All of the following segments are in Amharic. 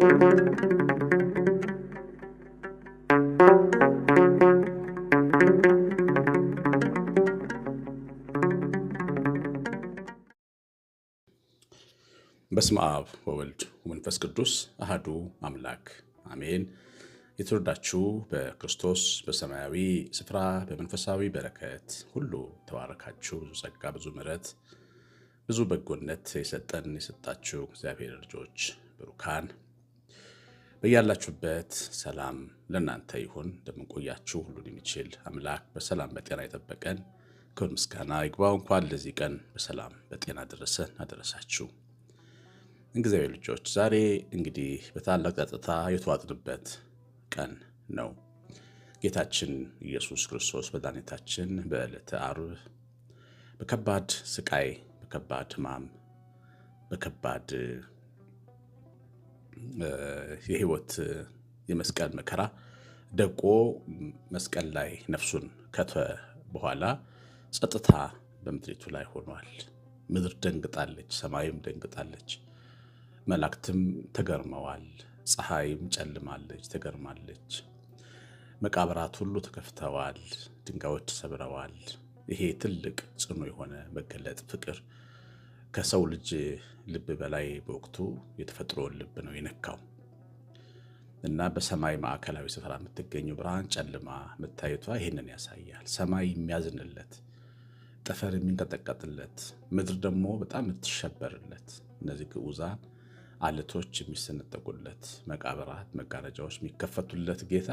በስመ አብ ወወልድ ወመንፈስ ቅዱስ አህዱ አምላክ አሜን። የተወደዳችሁ በክርስቶስ በሰማያዊ ስፍራ በመንፈሳዊ በረከት ሁሉ ተባረካችሁ። ብዙ ጸጋ፣ ብዙ ምሕረት፣ ብዙ በጎነት የሰጠን የሰጣችሁ እግዚአብሔር ልጆች ብሩካን በያላችሁበት ሰላም ለእናንተ ይሁን። እንደምንቆያችሁ ሁሉን የሚችል አምላክ በሰላም በጤና የጠበቀን ክብር ምስጋና ይግባው። እንኳን ለዚህ ቀን በሰላም በጤና ደረሰን አደረሳችሁ። እግዚአብሔር ልጆች፣ ዛሬ እንግዲህ በታላቅ ጸጥታ የተዋጥንበት ቀን ነው። ጌታችን ኢየሱስ ክርስቶስ መድኃኒታችን በዕለተ ዓርብ በከባድ ስቃይ፣ በከባድ ሕማም፣ በከባድ የህይወት የመስቀል መከራ ደቆ መስቀል ላይ ነፍሱን ከተ በኋላ ጸጥታ በምድሪቱ ላይ ሆኗል። ምድር ደንግጣለች፣ ሰማይም ደንግጣለች፣ መላእክትም ተገርመዋል። ፀሐይም ጨልማለች፣ ተገርማለች። መቃብራት ሁሉ ተከፍተዋል፣ ድንጋዮች ተሰብረዋል። ይሄ ትልቅ ጽኑ የሆነ መገለጥ ፍቅር ከሰው ልጅ ልብ በላይ በወቅቱ የተፈጥሮን ልብ ነው የነካው እና በሰማይ ማዕከላዊ ስፍራ የምትገኘው ብርሃን ጨልማ መታየቷ ይህንን ያሳያል። ሰማይ የሚያዝንለት፣ ጠፈር የሚንቀጠቀጥለት፣ ምድር ደግሞ በጣም የምትሸበርለት፣ እነዚህ ግዑዛን አለቶች የሚሰነጠቁለት፣ መቃብራት መጋረጃዎች የሚከፈቱለት ጌታ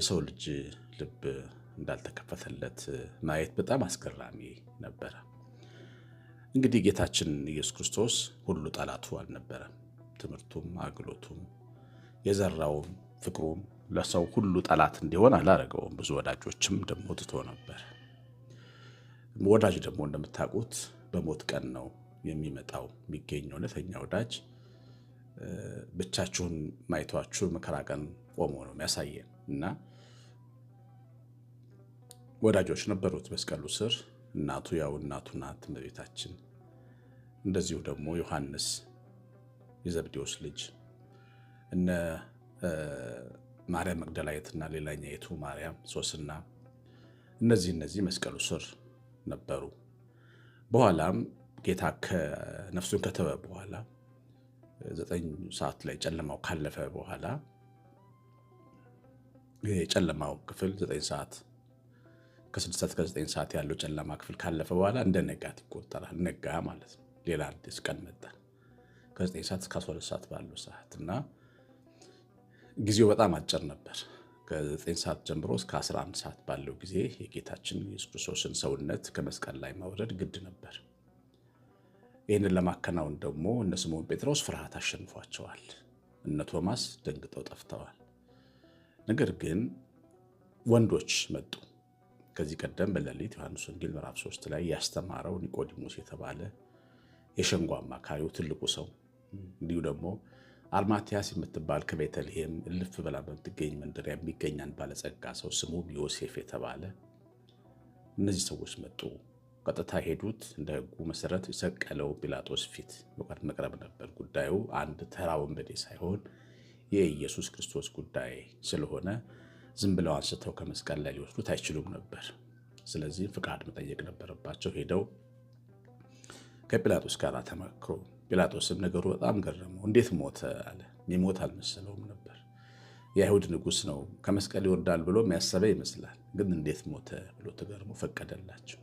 የሰው ልጅ ልብ እንዳልተከፈተለት ማየት በጣም አስገራሚ ነበረ። እንግዲህ ጌታችን ኢየሱስ ክርስቶስ ሁሉ ጠላቱ አልነበረም። ትምህርቱም አግሎቱም የዘራውም ፍቅሩም ለሰው ሁሉ ጠላት እንዲሆን አላረገውም። ብዙ ወዳጆችም ደግሞ ትቶ ነበር። ወዳጅ ደግሞ እንደምታውቁት በሞት ቀን ነው የሚመጣው የሚገኘው። እውነተኛ ወዳጅ ብቻችሁን ማይቷችሁ መከራ ቀን ቆሞ ነው የሚያሳየን እና ወዳጆች ነበሩት መስቀሉ ስር እናቱ ያው እናቱ ናት እመቤታችን። እንደዚሁ ደግሞ ዮሐንስ የዘብዴዎስ ልጅ እነ ማርያም ሌላኛ የቱ ማርያም ሶስና እነዚህ እነዚህ መስቀሉ ስር ነበሩ። በኋላም ጌታ ነፍሱን ከተወ በኋላ ዘጠኝ ሰዓት ላይ ጨለማው ካለፈ በኋላ የጨለማው ክፍል ዘጠኝ ሰዓት ከስድስት እስከ ዘጠኝ ሰዓት ያለው ጨለማ ክፍል ካለፈ በኋላ እንደ ነጋት ይቆጠራል። ነጋ ማለት ነው። ሌላ አዲስ ቀን መጣ። ከዘጠኝ ሰዓት እስከ 12 ሰዓት ባለው ሰዓት እና ጊዜው በጣም አጭር ነበር። ከዘጠኝ ሰዓት ጀምሮ እስከ 11 ሰዓት ባለው ጊዜ የጌታችን የሱስ ክርስቶስን ሰውነት ከመስቀል ላይ ማውረድ ግድ ነበር። ይህንን ለማከናወን ደግሞ እነ ስምዖን ጴጥሮስ ፍርሃት አሸንፏቸዋል። እነ ቶማስ ደንግጠው ጠፍተዋል። ነገር ግን ወንዶች መጡ። ከዚህ ቀደም በሌሊት ዮሐንስ ወንጌል ምዕራፍ 3 ላይ ያስተማረው ኒቆዲሞስ የተባለ የሸንጎ አማካሪው ትልቁ ሰው እንዲሁ ደግሞ አርማቲያስ የምትባል ከቤተልሔም እልፍ ብላ በምትገኝ መንደር የሚገኝ ባለጸጋ ሰው ስሙም ዮሴፍ የተባለ እነዚህ ሰዎች መጡ። ቀጥታ ሄዱት እንደ ህጉ መሰረት የሰቀለው ጲላጦስ ፊት መቅረብ ነበር። ጉዳዩ አንድ ተራ ወንበዴ ሳይሆን የኢየሱስ ክርስቶስ ጉዳይ ስለሆነ ዝም ብለው አንስተው ከመስቀል ላይ ሊወስዱት አይችሉም ነበር። ስለዚህ ፍቃድ መጠየቅ ነበረባቸው። ሄደው ከጲላጦስ ጋር ተመክሮ፣ ጲላጦስም ነገሩ በጣም ገረመው። እንዴት ሞተ አለ። የሚሞት አልመሰለውም ነበር። የአይሁድ ንጉሥ ነው ከመስቀል ይወርዳል ብሎ የሚያሰበ ይመስላል። ግን እንዴት ሞተ ብሎ ተገርሞ ፈቀደላቸው።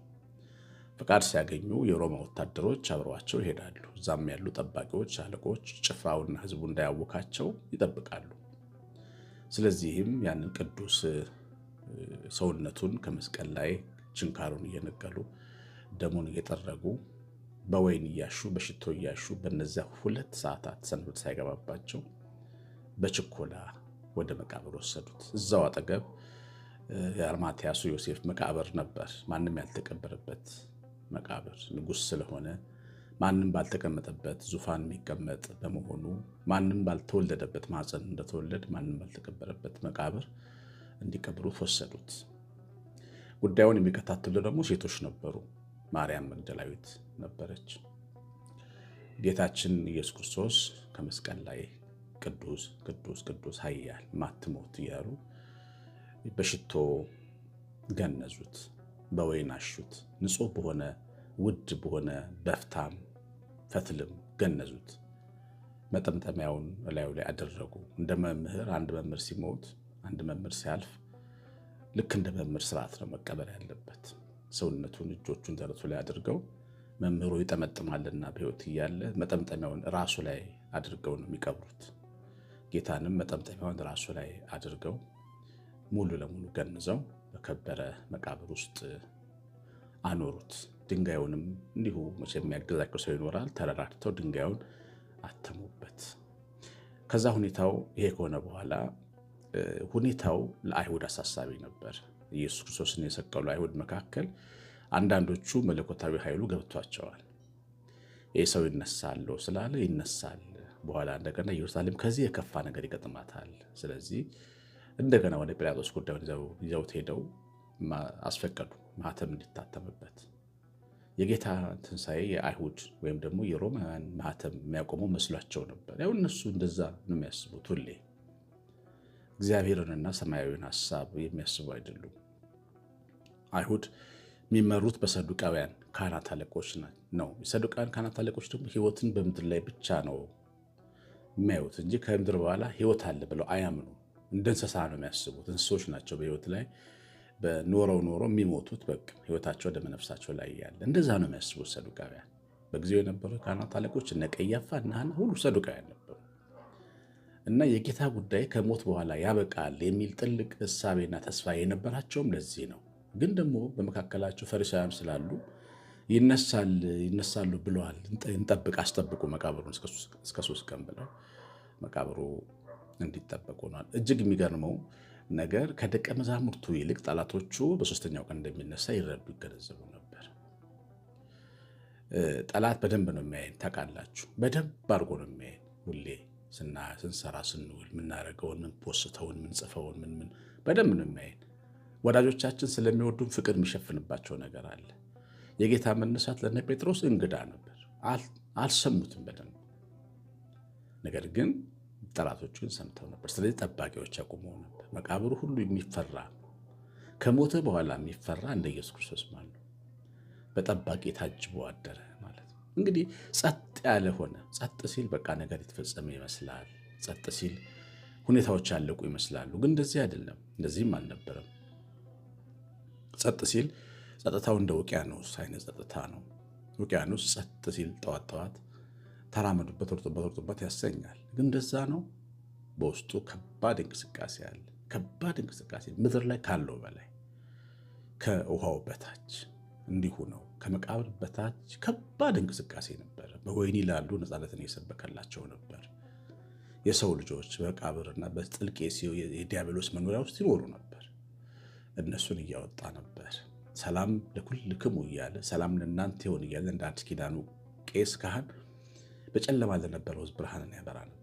ፍቃድ ሲያገኙ የሮማ ወታደሮች አብረዋቸው ይሄዳሉ። እዛም ያሉ ጠባቂዎች፣ አለቆች ጭፍራውና ህዝቡ እንዳያወካቸው ይጠብቃሉ። ስለዚህም ያንን ቅዱስ ሰውነቱን ከመስቀል ላይ ችንካሩን እየነቀሉ ደሙን እየጠረጉ በወይን እያሹ በሽቶ እያሹ በነዚያ ሁለት ሰዓታት ሰንበት ሳይገባባቸው በችኮላ ወደ መቃብር ወሰዱት። እዛው አጠገብ የአርማትያሱ ዮሴፍ መቃብር ነበር፣ ማንም ያልተቀበረበት መቃብር። ንጉሥ ስለሆነ ማንም ባልተቀመጠበት ዙፋን የሚቀመጥ በመሆኑ ማንም ባልተወለደበት ማዕፀን እንደተወለድ ማንም ባልተቀበረበት መቃብር እንዲቀብሩት ወሰዱት። ጉዳዩን የሚከታተሉ ደግሞ ሴቶች ነበሩ። ማርያም መግደላዊት ነበረች። ጌታችን ኢየሱስ ክርስቶስ ከመስቀል ላይ ቅዱስ ቅዱስ ቅዱስ ኃያል ማትሞት እያሉ በሽቶ ገነዙት፣ በወይን አሹት፣ ንጹህ በሆነ ውድ በሆነ በፍታም ፈትልም ገነዙት። መጠምጠሚያውን እላዩ ላይ አደረጉ። እንደ መምህር አንድ መምህር ሲሞት፣ አንድ መምህር ሲያልፍ ልክ እንደ መምህር ስርዓት ነው መቀበር ያለበት። ሰውነቱን እጆቹን ደረቱ ላይ አድርገው መምህሩ ይጠመጥማልና በሕይወት እያለ መጠምጠሚያውን ራሱ ላይ አድርገው ነው የሚቀብሩት። ጌታንም መጠምጠሚያውን ራሱ ላይ አድርገው ሙሉ ለሙሉ ገንዘው በከበረ መቃብር ውስጥ አኖሩት። ድንጋዩንም እንዲሁ የሚያገዛቸው ሰው ይኖራል። ተረራድተው ድንጋዩን አተሙበት። ከዛ ሁኔታው ይሄ ከሆነ በኋላ ሁኔታው ለአይሁድ አሳሳቢ ነበር። ኢየሱስ ክርስቶስን የሰቀሉ አይሁድ መካከል አንዳንዶቹ መለኮታዊ ኃይሉ ገብቷቸዋል። ይህ ሰው ይነሳለሁ ስላለ ይነሳል። በኋላ እንደገና ኢየሩሳሌም ከዚህ የከፋ ነገር ይገጥማታል። ስለዚህ እንደገና ወደ ጲላጦስ ጉዳዩን ይዘውት ሄደው አስፈቀዱ፣ ማተም እንዲታተምበት የጌታ ትንሣኤ የአይሁድ ወይም ደግሞ የሮማውያን ማህተም የሚያቆመው መስሏቸው ነበር። ያው እነሱ እንደዛ ነው የሚያስቡት። ሁሌ እግዚአብሔርንና ሰማያዊን ሀሳብ የሚያስቡ አይደሉም። አይሁድ የሚመሩት በሰዱቃውያን ካህናት አለቆች ነው። የሰዱቃውያን ካህናት አለቆች ደግሞ ህይወትን በምድር ላይ ብቻ ነው የሚያዩት እንጂ ከምድር በኋላ ህይወት አለ ብለው አያምኑ። እንደ እንስሳ ነው የሚያስቡት። እንስሶች ናቸው በህይወት ላይ በኖረው ኖሮ የሚሞቱት በቃ ህይወታቸው ወደ ላይ ያለ እንደዛ ነው የሚያስቡት ሰዱቃውያን። በጊዜው የነበሩ ካህናት አለቆች እነ ቀያፋ እና ሐና ሁሉ ሰዱቃውያን ነበሩ እና የጌታ ጉዳይ ከሞት በኋላ ያበቃል የሚል ጥልቅ እሳቤና ተስፋ የነበራቸውም ለዚህ ነው። ግን ደግሞ በመካከላቸው ፈሪሳውያን ስላሉ ይነሳል ይነሳሉ ብለዋል። እንጠብቅ አስጠብቁ መቃብሩን እስከ ሶስት ቀን ብለው መቃብሩ እንዲጠበቁ ሆኗል። እጅግ የሚገርመው ነገር ከደቀ መዛሙርቱ ይልቅ ጠላቶቹ በሶስተኛው ቀን እንደሚነሳ ይረዱ ይገነዘቡ ነበር። ጠላት በደንብ ነው የሚያየን፣ ታውቃላችሁ። በደንብ አድርጎ ነው የሚያየን። ሁሌ ስንሰራ ስንውል፣ ምናደርገውን፣ ምንፖስተውን፣ ምንጽፈውን ምን ምን በደንብ ነው የሚያየን። ወዳጆቻችን ስለሚወዱን ፍቅር የሚሸፍንባቸው ነገር አለ። የጌታ መነሳት ለነ ጴጥሮስ እንግዳ ነበር፣ አልሰሙትም በደንብ ነገር ግን ጠላቶች ግን ሰምተው ነበር። ስለዚህ ጠባቂዎች ያቆመው ነበር። መቃብሩ ሁሉ የሚፈራ ከሞተ በኋላ የሚፈራ እንደ ኢየሱስ ክርስቶስ ማለት ነው። በጠባቂ ታጅቦ አደረ ማለት ነው። እንግዲህ ጸጥ ያለ ሆነ። ጸጥ ሲል በቃ ነገር የተፈጸመ ይመስላል። ጸጥ ሲል ሁኔታዎች ያለቁ ይመስላሉ። ግን እንደዚህ አይደለም። እንደዚህም አልነበረም። ጸጥ ሲል ጸጥታው እንደ ውቅያኖስ አይነት ጸጥታ ነው። ውቅያኖስ ጸጥ ሲል ጠዋት ጠዋት ተራመዱበት፣ ሩጡበት፣ ወርጡበት ወርጡበት ያሰኛል ግን እንደዛ ነው። በውስጡ ከባድ እንቅስቃሴ አለ። ከባድ እንቅስቃሴ ምድር ላይ ካለው በላይ ከውሃው በታች እንዲሁ ነው። ከመቃብር በታች ከባድ እንቅስቃሴ ነበር። በወህኒ ላሉ ነፃነትን እየሰበከላቸው ነበር። የሰው ልጆች በመቃብርና በጥልቅ የዲያብሎስ መኖሪያ ውስጥ ይኖሩ ነበር። እነሱን እያወጣ ነበር። ሰላም ለኩልክሙ እያለ ሰላም ለእናንተ ይሆን እያለ እንደ አዲስ ኪዳኑ ቄስ ካህን በጨለማ ለነበረው ብርሃንን ያበራ ነበር።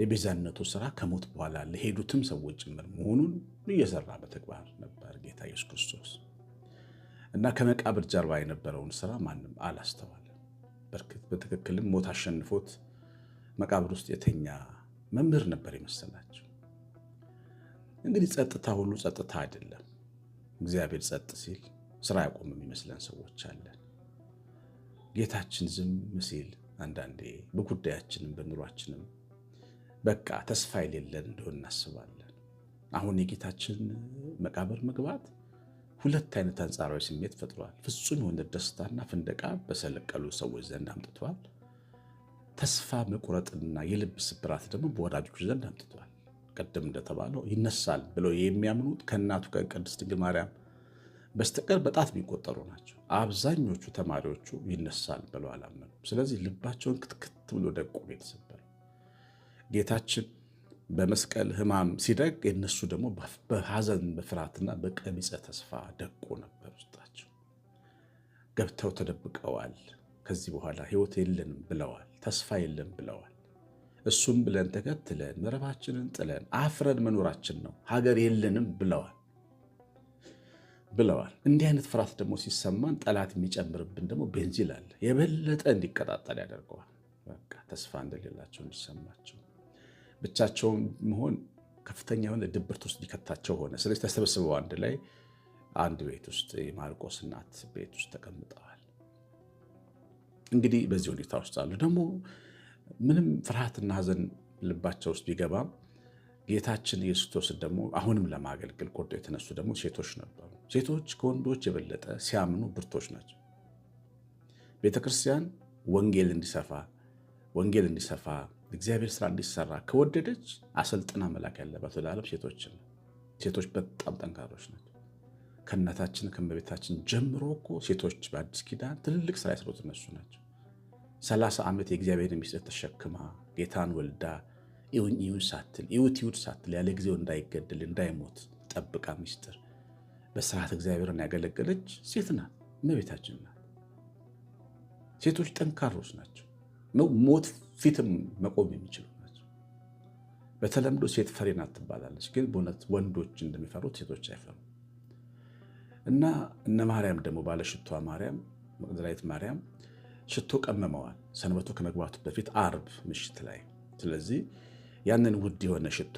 የቤዛነቱ ስራ ከሞት በኋላ ለሄዱትም ሰዎች ጭምር መሆኑን እየሰራ በተግባር ነበር ጌታ ኢየሱስ ክርስቶስ እና ከመቃብር ጀርባ የነበረውን ስራ ማንም አላስተዋለም። በትክክልም ሞት አሸንፎት መቃብር ውስጥ የተኛ መምህር ነበር የመሰላቸው። እንግዲህ ጸጥታ ሁሉ ጸጥታ አይደለም። እግዚአብሔር ጸጥ ሲል ስራ ያቆም የሚመስለን ሰዎች አለን። ጌታችን ዝም ሲል አንዳንዴ በጉዳያችንም በኑሯችንም በቃ ተስፋ የሌለን እንደሆን እናስባለን። አሁን የጌታችን መቃብር መግባት ሁለት አይነት አንጻራዊ ስሜት ፈጥሯል። ፍጹም የሆነ ደስታና ፍንደቃ በሰለቀሉ ሰዎች ዘንድ አምጥቷል። ተስፋ መቁረጥና የልብ ስብራት ደግሞ በወዳጆች ዘንድ አምጥቷል። ቅድም እንደተባለው ይነሳል ብለው የሚያምኑት ከእናቱ ከቅድስት ድንግል ማርያም በስተቀር በጣት የሚቆጠሩ ናቸው። አብዛኞቹ ተማሪዎቹ ይነሳል ብለው አላመኑ። ስለዚህ ልባቸውን ክትክት ብሎ ደቁ ቤተሰብ ጌታችን በመስቀል ሕማም ሲደግ የነሱ ደግሞ በሐዘን በፍርሃትና በቀሚፀ ተስፋ ደቆ ነበር። ውስጣቸው ገብተው ተደብቀዋል። ከዚህ በኋላ ሕይወት የለንም ብለዋል። ተስፋ የለም ብለዋል። እሱም ብለን ተከትለን መረባችንን ጥለን አፍረን መኖራችን ነው፣ ሀገር የለንም ብለዋል ብለዋል። እንዲህ አይነት ፍርሃት ደግሞ ሲሰማን ጠላት የሚጨምርብን ደግሞ ቤንዚል አለ። የበለጠ እንዲቀጣጠል ያደርገዋል። በቃ ተስፋ እንደሌላቸው እንዲሰማቸው ብቻቸውን መሆን ከፍተኛ የሆነ ድብርት ውስጥ ሊከታቸው ሆነ። ስለዚህ ተሰብስበው አንድ ላይ አንድ ቤት ውስጥ የማርቆስ እናት ቤት ውስጥ ተቀምጠዋል። እንግዲህ በዚህ ሁኔታ ውስጥ አሉ። ደግሞ ምንም ፍርሃትና ሐዘን ልባቸው ውስጥ ቢገባም ጌታችን ኢየሱስ ክርስቶስን ደግሞ አሁንም ለማገልገል ቆርጦ የተነሱ ደግሞ ሴቶች ነበሩ። ሴቶች ከወንዶች የበለጠ ሲያምኑ ብርቶች ናቸው። ቤተክርስቲያን ወንጌል እንዲሰፋ ወንጌል እንዲሰፋ እግዚአብሔር ስራ እንዲሰራ ከወደደች አሰልጥና መላክ ያለባት ወደ ዓለም ሴቶችን። ሴቶች በጣም ጠንካሮች ናቸው። ከእናታችን ከእመቤታችን ጀምሮ እኮ ሴቶች በአዲስ ኪዳን ትልልቅ ስራ የሰሩት እነሱ ናቸው። ሰላሳ ዓመት የእግዚአብሔር ሚስጥር ተሸክማ ጌታን ወልዳ ኢውን ሳትል ኢውት ኢውድ ሳትል ያለ ጊዜው እንዳይገድል እንዳይሞት ጠብቃ ሚስጥር በስርዓት እግዚአብሔርን ያገለገለች ሴት ናት፣ እመቤታችን ናት። ሴቶች ጠንካሮች ናቸው። ሞት ፊትም መቆም የሚችሉ ናቸው። በተለምዶ ሴት ፈሪ ናት ትባላለች፣ ግን በእውነት ወንዶች እንደሚፈሩት ሴቶች አይፈሩ እና እነ ማርያም ደግሞ ባለሽቷ ማርያም መቅደላዊት ማርያም ሽቶ ቀመመዋል፣ ሰንበቱ ከመግባቱ በፊት አርብ ምሽት ላይ። ስለዚህ ያንን ውድ የሆነ ሽቶ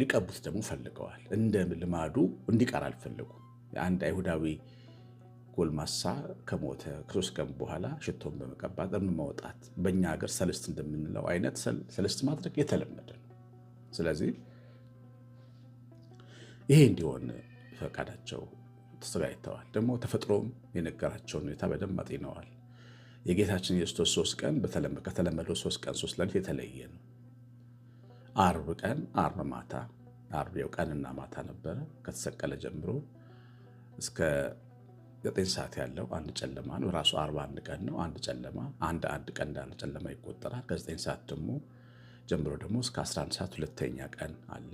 ሊቀቡት ደግሞ ፈልገዋል። እንደ ልማዱ እንዲቀር አልፈለጉም። የአንድ አይሁዳዊ ጎልማሳ ከሞተ ከሶስት ቀን በኋላ ሽቶን በመቀባት እርም ማውጣት በእኛ ሀገር ሰልስት እንደምንለው አይነት ሰልስት ማድረግ የተለመደ ነው። ስለዚህ ይሄ እንዲሆን ፈቃዳቸው ተዘጋጅተዋል። ደግሞ ተፈጥሮም የነገራቸውን ሁኔታ በደንብ አጤነዋል። የጌታችን የክርስቶስ ሶስት ቀን ከተለመደው ሶስት ቀን ሶስት ሌሊት የተለየ ነው። አርብ ቀን አርብ ማታ አርብ ያው ቀንና ማታ ነበረ ከተሰቀለ ጀምሮ እስከ ዘጠኝ ሰዓት ያለው አንድ ጨለማ ነው። ራሱ አርባ አንድ ቀን ነው። አንድ ጨለማ አንድ አንድ ቀን እንዳንድ ጨለማ ይቆጠራል። ከዘጠኝ ሰዓት ደግሞ ጀምሮ ደግሞ እስከ 11 ሰዓት ሁለተኛ ቀን አለ።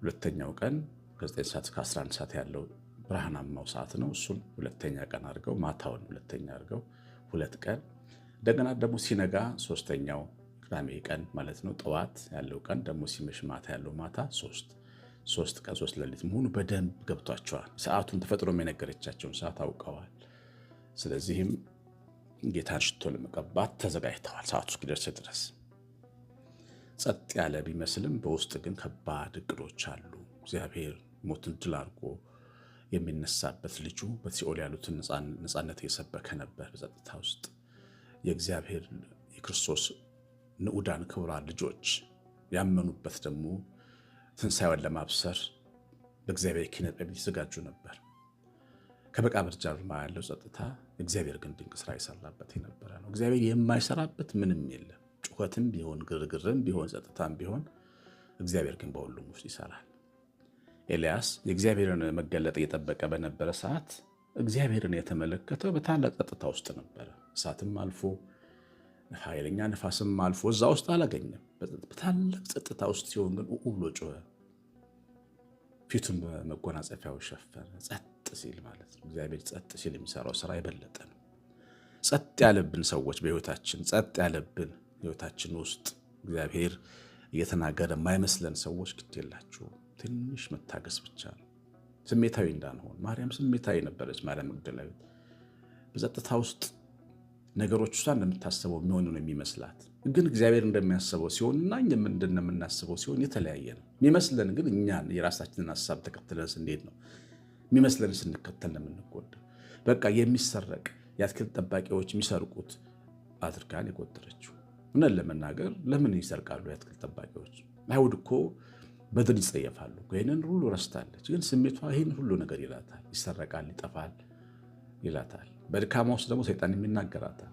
ሁለተኛው ቀን ከዘጠኝ ሰዓት እስከ 11 ሰዓት ያለው ብርሃናማው ሰዓት ነው። እሱን ሁለተኛ ቀን አድርገው ማታውን ሁለተኛ አድርገው ሁለት ቀን እንደገና ደግሞ ሲነጋ ሶስተኛው ቅዳሜ ቀን ማለት ነው። ጠዋት ያለው ቀን ደግሞ ሲመሽ ማታ ያለው ማታ ሶስት ሶስት ቀን ሶስት ሌሊት መሆኑ በደንብ ገብቷቸዋል። ሰዓቱን ተፈጥሮም የነገረቻቸውን ሰዓት አውቀዋል። ስለዚህም ጌታን ሽቶ ለመቀባት ተዘጋጅተዋል። ሰዓቱ እስኪደርስ ድረስ ጸጥ ያለ ቢመስልም በውስጥ ግን ከባድ እቅዶች አሉ። እግዚአብሔር ሞትን ድል አድርጎ የሚነሳበት ልጁ በሲኦል ያሉትን ነፃነት እየሰበከ ነበር። በጸጥታ ውስጥ የእግዚአብሔር የክርስቶስ ንዑዳን ክቡራን ልጆች ያመኑበት ደግሞ ትንሣኤውን በእግዚአብሔር ኪነ ጥበብ የተዘጋጁ ነበር። ከመቃብር ጀርባ ያለው ጸጥታ እግዚአብሔር ግን ድንቅ ስራ የሰራበት የነበረ ነው። እግዚአብሔር የማይሰራበት ምንም የለም። ጩኸትም ቢሆን ግርግርም ቢሆን ጸጥታም ቢሆን እግዚአብሔር ግን በሁሉም ውስጥ ይሰራል። ኤልያስ የእግዚአብሔርን መገለጥ እየጠበቀ በነበረ ሰዓት እግዚአብሔርን የተመለከተው በታላቅ ጸጥታ ውስጥ ነበረ። እሳትም አልፎ ኃይለኛ ነፋስም አልፎ እዛ ውስጥ አላገኘም። በታላቅ ጸጥታ ውስጥ ሲሆን ግን ኡ ብሎ ጮኸ። ፊቱን በመጎናጸፊያው ሸፈነ። ጸጥ ሲል ማለት ነው። እግዚአብሔር ጸጥ ሲል የሚሰራው ስራ የበለጠ ነው። ጸጥ ያለብን ሰዎች በህይወታችን ጸጥ ያለብን ህይወታችን ውስጥ እግዚአብሔር እየተናገረ የማይመስለን ሰዎች ግድ የላችሁ ትንሽ መታገስ ብቻ ነው። ስሜታዊ እንዳንሆን። ማርያም ስሜታዊ ነበረች። ማርያም መግደላዊት በጸጥታ ውስጥ ነገሮች እሷ እንደምታስበው የሚሆኑ ነው የሚመስላት። ግን እግዚአብሔር እንደሚያስበው ሲሆን እና እኛ እንደምናስበው የምናስበው ሲሆን የተለያየ ነው የሚመስለን። ግን እኛን የራሳችንን ሀሳብ ተከትለን ስንሄድ ነው የሚመስለን፣ ስንከተል ነው የምንጎዳ። በቃ የሚሰረቅ የአትክልት ጠባቂዎች የሚሰርቁት አድርጋን የቆጠረችው። እውነት ለመናገር ለምን ይሰርቃሉ የአትክልት ጠባቂዎች? አይሁድ እኮ በድል ይጸየፋሉ። ይህንን ሁሉ ረስታለች። ግን ስሜቷ ይህን ሁሉ ነገር ይላታል፣ ይሰረቃል፣ ይጠፋል ይላታል። በድካማ ውስጥ ደግሞ ሰይጣን የሚናገራታል።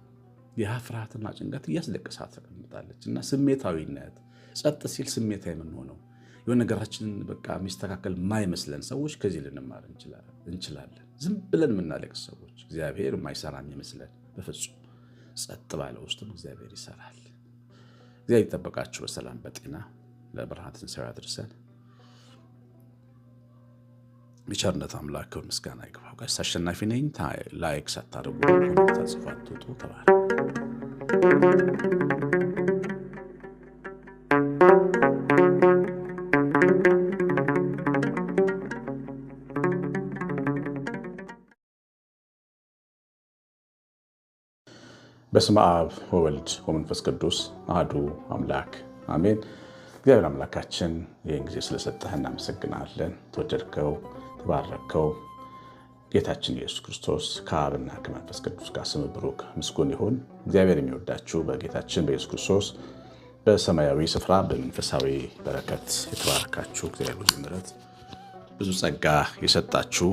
ያ ፍርሃትና ጭንቀት እያስለቅሳ ተቀምጣለች እና ስሜታዊነት ጸጥ ሲል ስሜታ የምንሆነው የሆነ ነገራችንን በቃ የሚስተካከል ማይመስለን ሰዎች ከዚህ ልንማር እንችላለን። ዝም ብለን የምናለቅ ሰዎች እግዚአብሔር የማይሰራ የሚመስለን በፍጹም ጸጥ ባለ ውስጥም እግዚአብሔር ይሰራል። እግዚአብሔር ይጠበቃችሁ። በሰላም በጤና ለብርሃን ትንሣኤው ያድርሰን። የቸርነት አምላክ ምስጋና ይግባው። ጋሽ አሸናፊ ነኝ። ላይክ ሳታደርጉ ተጽፎ አትውጡ ተባለ። በስመ አብ ወወልድ ወመንፈስ ቅዱስ አሐዱ አምላክ አሜን። እግዚአብሔር አምላካችን ይህን ጊዜ ስለሰጠህ እናመሰግናለን። ተወደድከው ባረከው። ጌታችን ኢየሱስ ክርስቶስ ከአብና ከመንፈስ ቅዱስ ጋር ስም ብሩክ ምስጉን ይሁን። እግዚአብሔር የሚወዳችሁ በጌታችን በኢየሱስ ክርስቶስ በሰማያዊ ስፍራ በመንፈሳዊ በረከት የተባረካችሁ እግዚአብሔር ምሕረት ብዙ ጸጋ የሰጣችሁ